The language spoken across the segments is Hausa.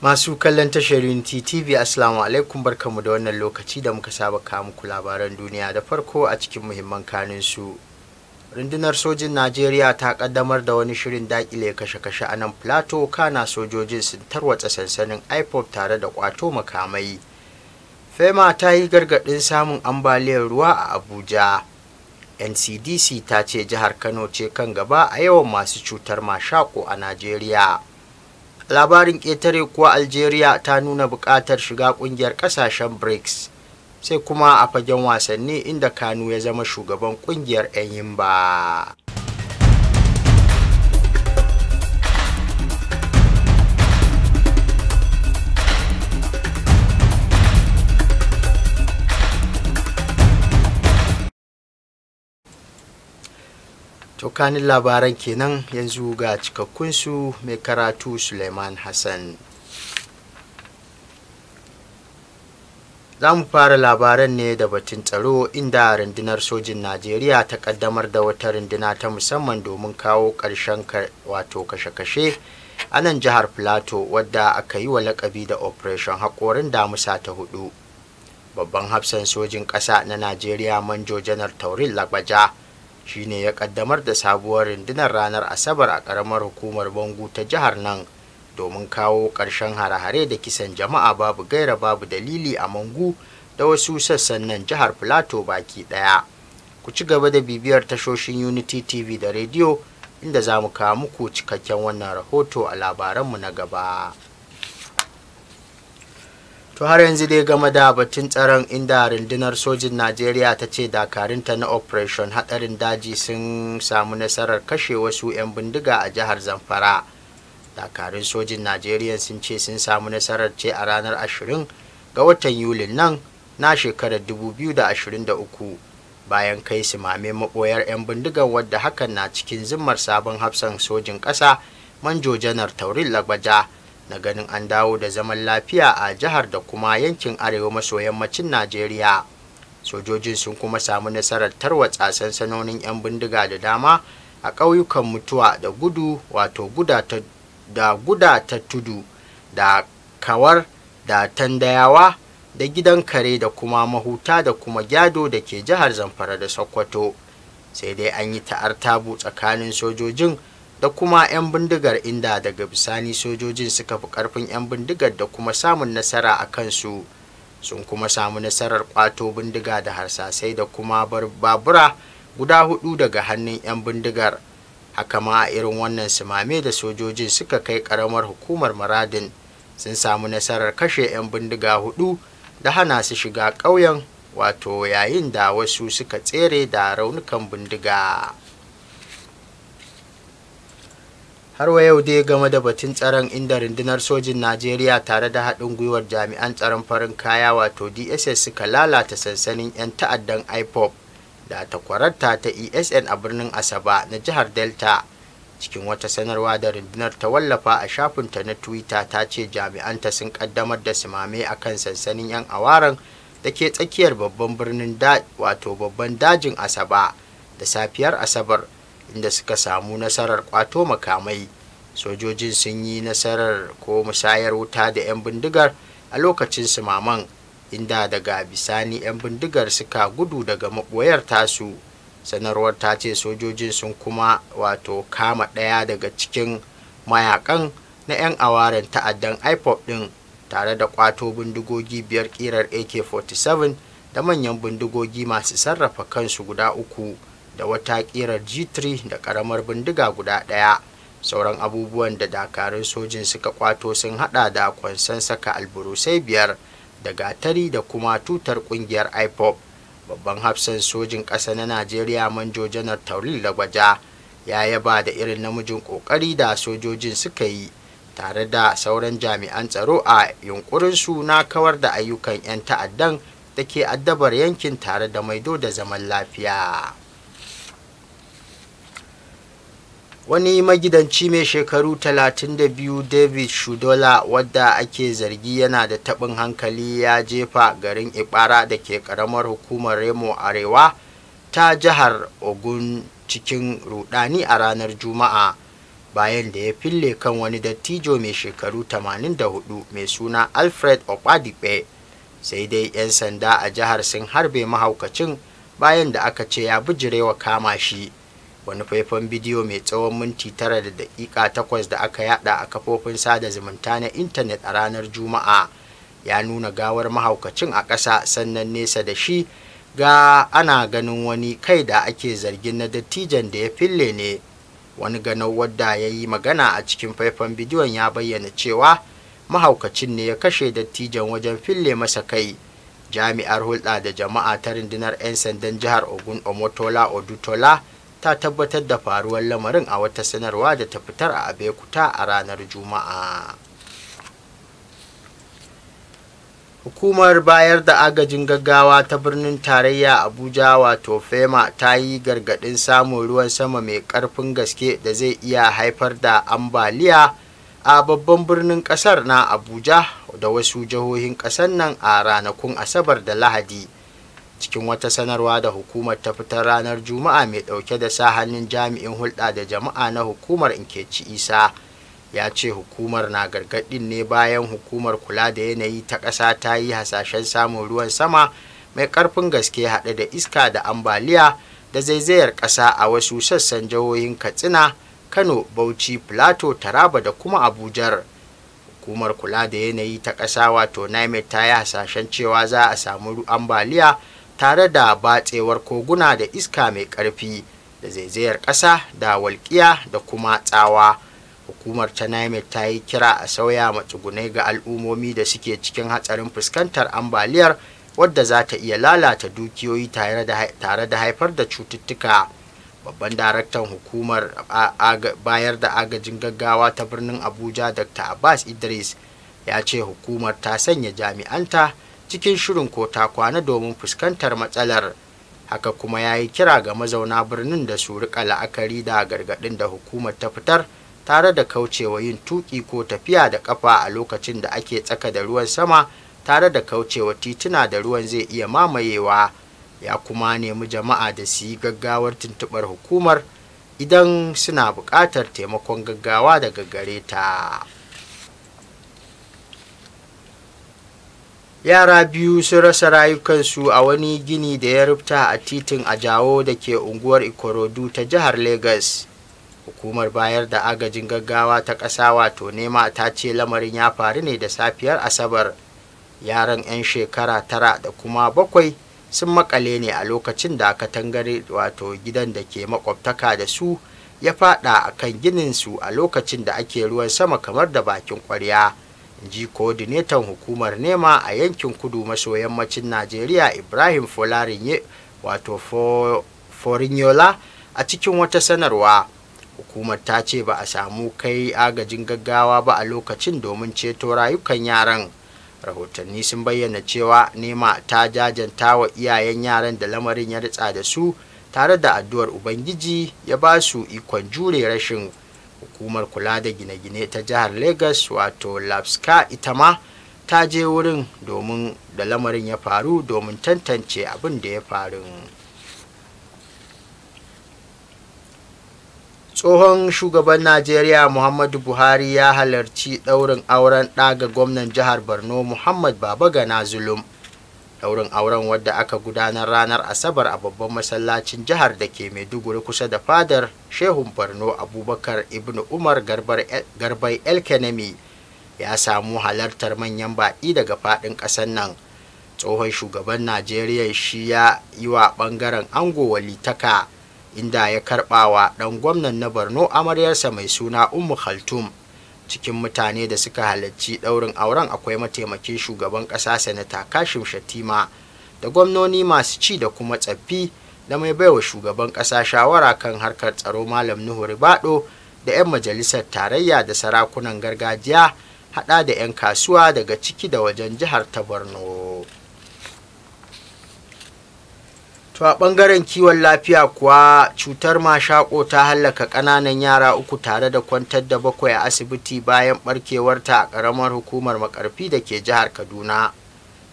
Masu kallon tashar Unity TV Assalamu alaikum barkamu da wannan lokaci da muka saba kawo muku labaran duniya da farko a cikin muhimman kanin su. Rundunar sojin Najeriya ta kaddamar da wani shirin dakile kashe-kashe a nan Plateau kana sojojin sun tarwatsa sansanin IPOP tare da kwato makamai. FEMA ta yi gargaɗin samun ambaliyar ruwa a Abuja. NCDC ta ce jihar Kano ce kan gaba a yawan masu cutar mashako a Najeriya. labarin ƙetare kuwa algeria ta nuna buƙatar shiga ƙungiyar ƙasashen brics sai kuma a fagen wasanni inda kanu ya zama shugaban ƙungiyar 'yan yimba tsakanin labaran kenan yanzu ga cikakkunsu mai karatu suleiman hassan za mu fara labaran ne da batun tsaro inda rundunar sojin najeriya ta kaddamar da wata runduna ta musamman domin kawo ƙarshen wato kashe-kashe a nan jihar filato wadda aka yi wa lakabi da operation haƙorin damusa ta hudu babban hafsan sojin ƙasa na najeriya manjo janar taurin lagbaja shine ya kaddamar da sabuwar rundunar ranar asabar a karamar hukumar bangu ta jihar nan domin kawo ƙarshen hare-hare da kisan jama'a babu gaira babu dalili a mangu da wasu sassan nan jihar plateau baki ɗaya ku ci gaba da bibiyar tashoshin unity tv da rediyo inda za mu kawo muku cikakken wannan rahoto a labaranmu na gaba to har yanzu dai game da batun tsaron inda rundunar sojin najeriya ta ce dakarinta na operation hadarin daji sun samu nasarar kashe wasu 'yan bindiga a jihar zamfara dakarun sojin najeriya sun ce sun samu nasarar ce a ranar 20 ga watan yulin nan na shekarar 2023 bayan kai su mame maboyar 'yan bindigar wadda hakan na cikin zimmar sabon hafsan sojin ƙasa manjo janar taurin lagbaja na ganin an dawo da zaman lafiya a jihar da kuma yankin arewa maso yammacin najeriya sojojin sun kuma samu nasarar tarwatsa sansanonin 'yan bindiga da dama a ƙauyukan mutuwa da gudu wato guda ta tudu da kawar da tandayawa da gidan kare da kuma mahuta da kuma gyado da ke jihar zamfara da sokoto sai dai an yi ta'artabu tsakanin sojojin da kuma 'yan bindigar inda daga bisani sojojin suka fi karfin 'yan bindigar da kuma samun nasara a kansu sun kuma samu nasarar kwato bindiga da harsasai da kuma babura guda hudu daga hannun 'yan bindigar haka ma a irin wannan simame da sojojin suka kai karamar hukumar maradin sun samu nasarar kashe 'yan bindiga hudu da hana su shiga ƙauyen wato yayin da wasu suka tsere da raunukan bindiga. har wa yau dai game da batun tsaron inda rundunar sojin najeriya tare da haɗin gwiwar jami'an tsaron farin kaya wato dss suka lalata sansanin 'yan ta'addan ipop da takwararta ta esn a birnin asaba na jihar delta cikin wata sanarwa da rundunar ta wallafa a shafinta na twitter ta ce jami'anta sun kaddamar da simame a kan sansanin 'yan awaran da ke tsakiyar babban birnin wato babban dajin asaba da safiyar asabar inda suka samu nasarar kwato makamai sojojin sun yi nasarar ko musayar wuta da 'yan bindigar a lokacin su maman inda daga bisani 'yan bindigar suka gudu daga maboyar tasu sanarwar ta ce sojojin sun kuma wato kama ɗaya daga cikin mayakan na 'yan awarin ta'addan ipop ɗin tare da kwato bindigogi biyar ƙirar ak-47 da manyan bindigogi masu sarrafa kansu guda uku da wata ƙirar g3 da ƙaramar bindiga guda ɗaya sauran abubuwan da dakarun sojin suka kwato sun haɗa da kwansan saka alburusai biyar da gatari da kuma tutar ƙungiyar ipop babban hafsan sojin ƙasa na najeriya manjo janar tauril lagwaja ya yaba da irin namijin ƙoƙari da sojojin suka yi tare da sauran jami'an tsaro a yunkurinsu na kawar da ayyukan 'yan ta'addan da ke addabar yankin tare da maido da zaman lafiya wani magidanci mai shekaru 32 david shudola wadda ake zargi yana da taɓin hankali ya jefa garin ibara da ke ƙaramar hukumar remo arewa ta jihar ogun cikin rudani a ranar juma'a bayan da ya fille kan wani dattijo mai shekaru 84 mai suna alfred okpadipe sai dai 'yan sanda a jihar sun harbe mahaukacin bayan da aka ce ya bijirewa kama shi wani faifan bidiyo mai tsawon minti tara da daƙiƙa takwas da aka yada a kafofin sada zumunta na intanet a ranar juma'a ya nuna gawar mahaukacin a ƙasa sannan nesa da shi ga ana ganin wani kai da ake zargin na dattijan da ya fille ne wani ganau wadda ya yi magana a cikin faifan bidiyon ya bayyana cewa mahaukacin ne ya kashe dattijan wajen fille masa kai jami'ar hulɗa da jama'a ta rundunar 'yan sandan jihar ogun omotola odutola ta tabbatar da faruwar lamarin a wata sanarwa da ta fitar a abekuta a ranar juma'a hukumar bayar da agajin gaggawa ta birnin tarayya abuja wato fema ta yi gargaɗin samun ruwan sama mai ƙarfin gaske da zai iya haifar da ambaliya a babban birnin ƙasar na abuja da wasu jihohin ƙasar nan a ranakun asabar da lahadi cikin wata sanarwa da hukumar ta fitar ranar juma'a mai dauke da sa hannun jami'in hulɗa da jama'a na hukumar inkeci isa ya ce hukumar na gargaɗin ne bayan hukumar kula da yanayi ta ƙasa ta yi hasashen samun ruwan sama mai ƙarfin gaske haɗe da iska da ambaliya da zaizayar ƙasa a wasu sassan jihohin katsina kano bauchi plateau taraba da kuma Abuja hukumar kula da yanayi ta ƙasa wato naimet ta yi hasashen cewa za a samu ambaliya tare da batsewar koguna da iska mai ƙarfi da zaizayar ƙasa da walƙiya da kuma tsawa hukumar ta naimet ta yi kira a sauya matsugunai ga al'ummomi da suke cikin hatsarin fuskantar ambaliyar wadda za ta iya lalata dukiyoyi tare da haifar da cututtuka babban daraktan hukumar bayar da agajin gaggawa ta birnin abuja dr abbas idris ya ce hukumar ta sanya jami'anta cikin shirin ko ta kwana domin fuskantar matsalar haka kuma ya yi kira ga mazauna birnin da su rika la'akari da gargaɗin da hukumar ta fitar tare da kaucewa yin tuki ko tafiya da ƙafa a lokacin da ake tsaka da ruwan sama tare da kaucewa tituna da ruwan zai iya mamayewa ya kuma nemi jama'a da su yi gaggawar tuntuɓar hukumar idan suna buƙatar taimakon gaggawa daga gare ta. yara biyu sun rasa rayukansu a wani gini da ya rufta a titin ajawo da ke unguwar ikorodu ta jihar lagos hukumar bayar da agajin gaggawa ta ƙasa wato nema ta ce lamarin ya faru ne da safiyar asabar yaran 'yan shekara tara da kuma bakwai sun makale ne a lokacin da aka tangare wato gidan da ke makwabtaka da su ya fada a kan gininsu a lokacin da ake ruwan sama kamar da bakin kwarya. ji coordinator hukumar nema a yankin kudu maso yammacin najeriya ibrahim folarinye wato forinyola a cikin wata sanarwa hukumar ta ce ba a samu kai agajin gaggawa ba a lokacin domin ceto rayukan yaran rahotanni sun bayyana cewa nema ta jajanta wa iyayen yaran da lamarin ya ritsa da su tare da addu'ar ubangiji ya ba su ikon jure rashin hukumar kula da gine-gine ta jihar lagos wato lapska ita ma ta je wurin domin da lamarin ya faru domin tantance abin da ya faru tsohon shugaban najeriya muhammadu buhari ya halarci ɗaurin auren ɗaga gwamnan jihar borno muhammad Baba Gana zulum daurin auren wadda aka gudanar ranar asabar a babban masallacin jihar da ke maiduguri kusa da fadar shehun borno abubakar ibn umar garbai elkenemi ya samu halartar manyan baƙi daga faɗin ƙasar nan tsohon shugaban najeriya shi ya yi wa ɓangaren ango walitaka inda ya karɓawa ɗan gwamnan na barno amaryarsa mai suna ummu khaltum cikin mutane da suka halarci ɗaurin auren akwai mataimakin shugaban ƙasa sanata kashim shatima da gwamnoni masu ci da kuma tsaffi da mai baiwa shugaban ƙasa shawara kan harkar tsaro malam nuhu ribado da 'yan majalisar tarayya da sarakunan gargajiya hada da 'yan kasuwa daga ciki da wajen jihar ta borno to a ɓangaren kiwon lafiya kuwa cutar mashako ta hallaka ƙananan yara uku tare da kwantar da bakwai a asibiti bayan ɓarkewarta a ƙaramar hukumar makarfi da ke jihar kaduna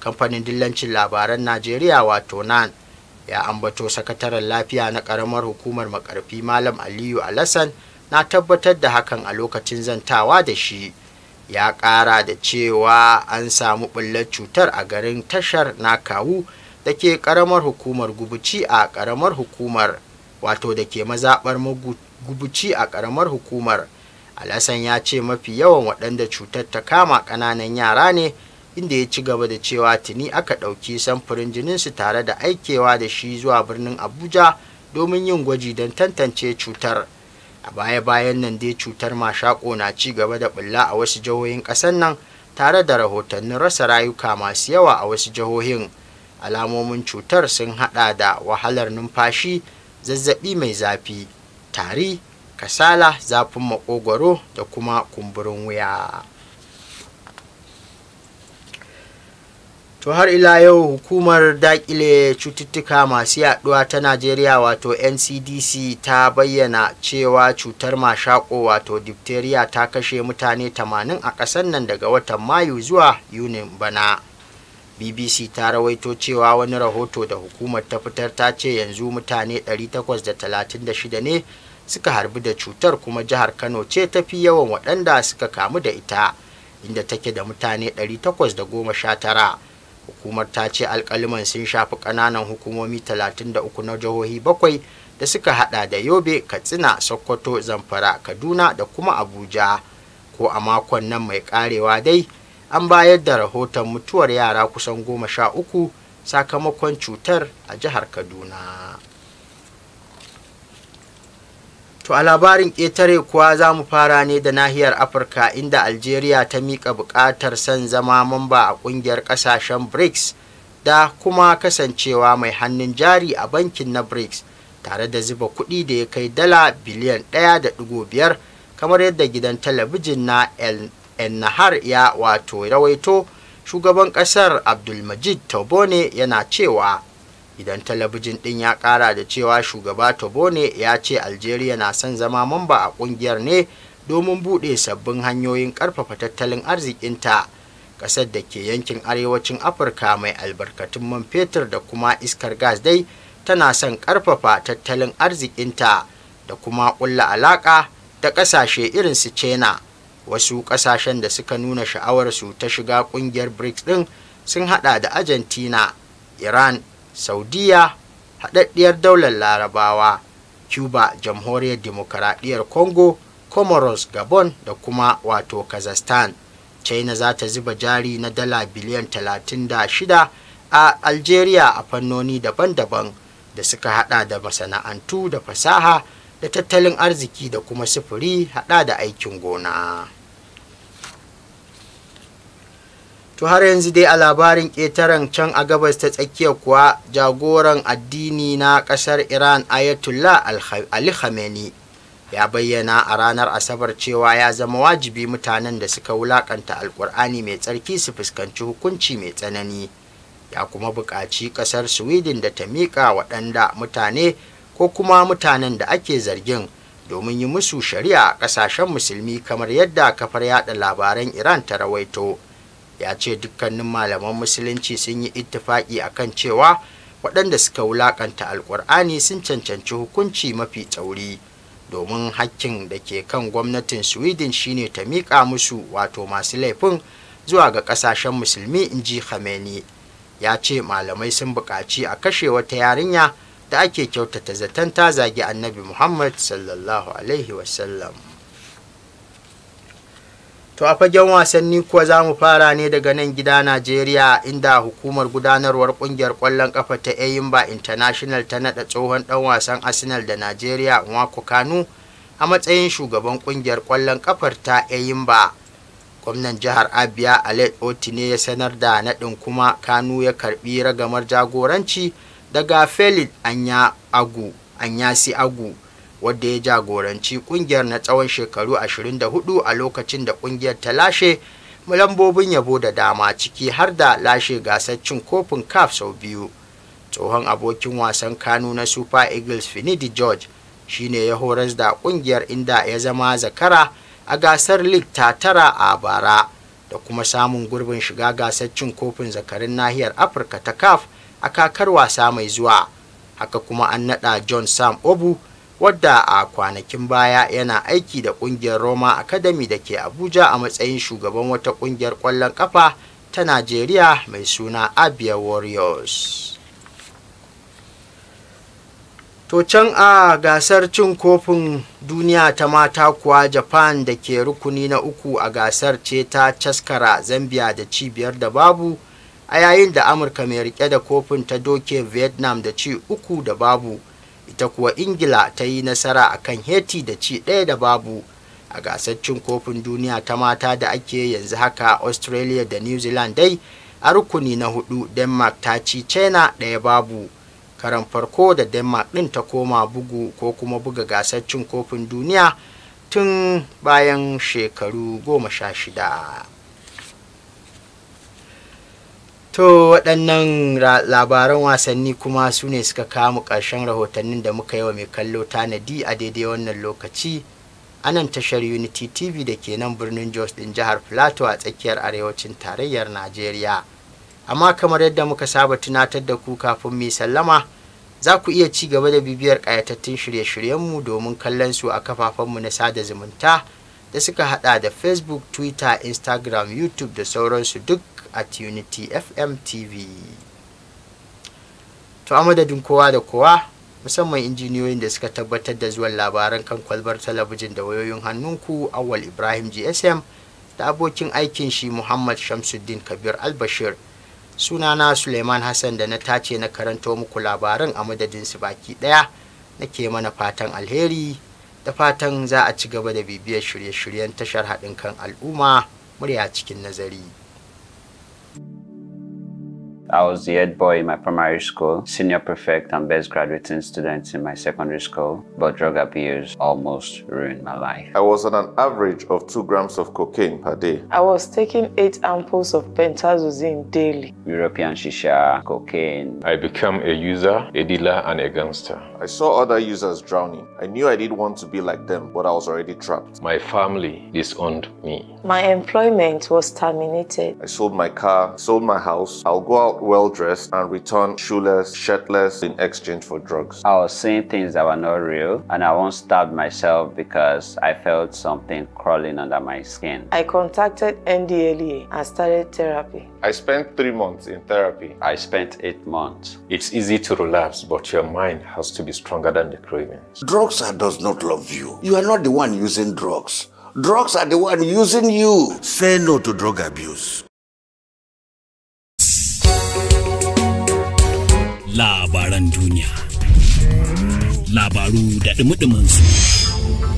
kamfanin dillancin labaran najeriya wato nan ya ambato sakataren lafiya na ƙaramar hukumar makarfi malam aliyu alassan na tabbatar da hakan a lokacin zantawa da shi ya ƙara da cewa an samu ɓullar cutar a garin tashar na kawu da ke karamar hukumar gubuci a karamar hukumar wato da ke mazaɓar gubuci a karamar hukumar alasan ya ce mafi yawan waɗanda cutar ta kama ƙananan yara ne inda ya ci gaba da cewa tuni aka ɗauki samfurin jininsu tare da aikewa da shi zuwa birnin abuja domin yin gwaji don tantance cutar a baya-bayan nan dai cutar mashaƙo na ci gaba da ɓulla a wasu jihohin ƙasar nan tare da rahotannin rasa rayuka masu yawa a wasu jihohin alamomin cutar sun hada da wahalar numfashi zazzabi mai zafi tari kasala zafin makogwaro da kuma kumburin wuya to har ila yau hukumar dakile cututtuka masu yaduwa ta najeriya wato ncdc ta bayyana cewa cutar mashako wato diphtheria ta kashe mutane 80 a ƙasar nan daga watan mayu zuwa yunin bana bbc ta rawaito cewa wani rahoto da hukumar ta fitar ta ce yanzu mutane 836 ne suka harbi da cutar kuma jihar kano ce ta fi yawan waɗanda suka kamu da ita inda take da mutane 819 hukumar ta ce alkaliman sun shafi ƙananan hukumomi 33 na jihohi bakwai da suka hada da yobe katsina sokoto zamfara kaduna da kuma abuja ko a makon nan mai karewa dai an bayar da rahoton mutuwar yara kusan goma sha uku sakamakon cutar a jihar kaduna to a labarin ƙetare kuwa za mu fara ne da nahiyar afirka inda algeria ta miƙa buƙatar son zama mamba a ƙungiyar ƙasashen brics da kuma kasancewa mai hannun jari a bankin na brics tare da zuba kuɗi da ya kai dala biliyan 1.5 kamar yadda gidan talabijin na l. ennahar ya wato rawaito shugaban ƙasar abdulmajid tobone yana cewa idan talabijin ɗin ya ƙara da cewa shugaba tobone ya ce algeria na son zama mamba a ƙungiyar ne domin buɗe sabbin hanyoyin ƙarfafa tattalin arzikinta ƙasar da ke yankin arewacin afirka mai albarkatun man fetur da kuma iskar gas dai tana son ƙarfafa tattalin arzikinta da kuma ƙulla alaƙa da ƙasashe irin su china wasu kasashen da suka nuna sha'awar su ta shiga kungiyar brics din sun hada da argentina iran saudiya haɗaɗɗiyar daular larabawa cuba jamhuriyar demokaradiyyar congo comoros gabon da kuma wato kazakhstan china za ta zuba jari na dala biliyan 36 a algeria a fannoni daban-daban da suka hada da masana'antu da fasaha da tattalin arziki da kuma sufuri hada da aikin gona to har yanzu dai a labarin ƙetaren can a gabas ta tsakiya kuwa jagoran addini na ƙasar iran ayatollah ali khamenei ya bayyana a ranar asabar cewa ya zama wajibi mutanen da suka wulakanta alkur'ani mai tsarki su fuskanci hukunci mai tsanani ya kuma buƙaci ƙasar sweden da ta miƙa waɗanda mutane ko kuma mutanen da ake zargin domin yi musu shari'a a ƙasashen musulmi kamar yadda kafar yada labaran iran ta rawaito ya ce dukkanin malaman musulunci sun yi ittifaki kan cewa waɗanda suka wulaƙanta alƙur'ani sun cancanci hukunci mafi tsauri domin hakkin da ke kan gwamnatin sweden shine ta miƙa musu wato masu laifin zuwa ga ƙasashen musulmi in ji Khamenei ya ce malamai sun buƙaci a kashe wata yarinya da ake kyautata zaton ta zagi annabi muhammad sallallahu alaihi wasallam to a fagen wasanni kuwa za mu fara ne daga nan gida najeriya inda hukumar gudanarwar kungiyar kwallon kafa ta eyimba international ta nada tsohon dan wasan arsenal da najeriya nwako kanu a matsayin shugaban kungiyar kwallon kafar ta eyimba gwamnan jihar abia alet otine ya sanar da nadin kuma kanu ya karbi ragamar jagoranci daga felix anya agu anyasi agu wadda ya jagoranci kungiyar na tsawon shekaru 24 a lokacin da kungiyar ta lashe lambobin yabo da dama ciki har da lashe gasar cin kofin caf sau biyu tsohon abokin wasan kanu na super eagles finidi george shine ya horas da kungiyar inda ya zama zakara a gasar league ta tara a bara da kuma samun gurbin shiga gasar cin kofin zakarin nahiyar afirka ta caf a kakar wasa mai zuwa haka kuma an naɗa john sam obu wadda a kwanakin baya yana aiki da ƙungiyar roma academy da ke abuja a matsayin shugaban wata ƙungiyar ƙwallon ƙafa ta nigeria mai suna abia warriors to can a gasar cin kofin duniya ta mata kuwa japan da ke rukuni na uku a gasar ce ta caskara zambia da cibiyar da babu a yayin da amurka mai rike da kofin ta doke vietnam da ci uku da babu ita kuwa ingila ta yi nasara a kan heti da ci ɗaya da babu a gasar cin kofin duniya ta mata da ake yanzu haka australia da new zealand dai a rukuni na hudu denmark ta ci china ɗaya babu karan farko da denmark ɗin ta koma bugu ko kuma buga gasar cin kofin duniya tun bayan shekaru goma sha shida To waɗannan labaran wasanni kuma su ne suka kamu ƙarshen rahotannin da muka yi wa mai kallo tanadi a daidai wannan lokaci anan tashar Unity TV da ke nan birnin Jos ɗin jihar Plateau a tsakiyar arewacin tarayyar Najeriya. Amma kamar yadda muka saba tunatar da ku kafin mai sallama za ku iya ci gaba da bibiyar ƙayatattun shirye-shiryenmu domin kallon su a kafafenmu na sada zumunta da suka haɗa da Facebook, Twitter, Instagram, YouTube da sauransu duk at unity fm tv to a madadin kowa da kowa musamman injiniyoyin da suka tabbatar da zuwan labaran kan kwalbar talabijin da wayoyin hannunku awal ibrahim gsm da abokin aikin shi muhammad shamsuddin kabir albashir sunana suleiman hassan da na tace na karanto muku labaran a madadin su baki daya nake mana fatan alheri da fatan za a ci gaba da bibiyar shirye-shiryen tashar haɗin kan al'umma murya cikin nazari I was the head boy in my primary school, senior prefect and best graduating student in my secondary school, but drug abuse almost ruined my life. I was on an average of 2 grams of cocaine per day. I was taking 8 ampoules of pentazosine daily. European shisha, cocaine. I became a user, a dealer and a gangster. I saw other users drowning. I knew I didn't want to be like them, but I was already trapped. My family disowned me. My employment was terminated. I sold my car, sold my house. I'll go out well dressed and return shoeless, shirtless in exchange for drugs. I was seeing things that were not real and I once stabbed myself because I felt something crawling under my skin. I contacted NDLEA and started therapy. I spent three months in therapy. I spent eight months. It's easy to relapse, but your mind has to be stronger than the cravings. Drugs does not love you. You are not the one using drugs. Drugs are the one using you. Say no to drug abuse. Labaran duniya. Labaru da dumi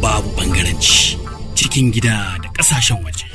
babu ɓangaranci cikin gida da ƙasashen waje.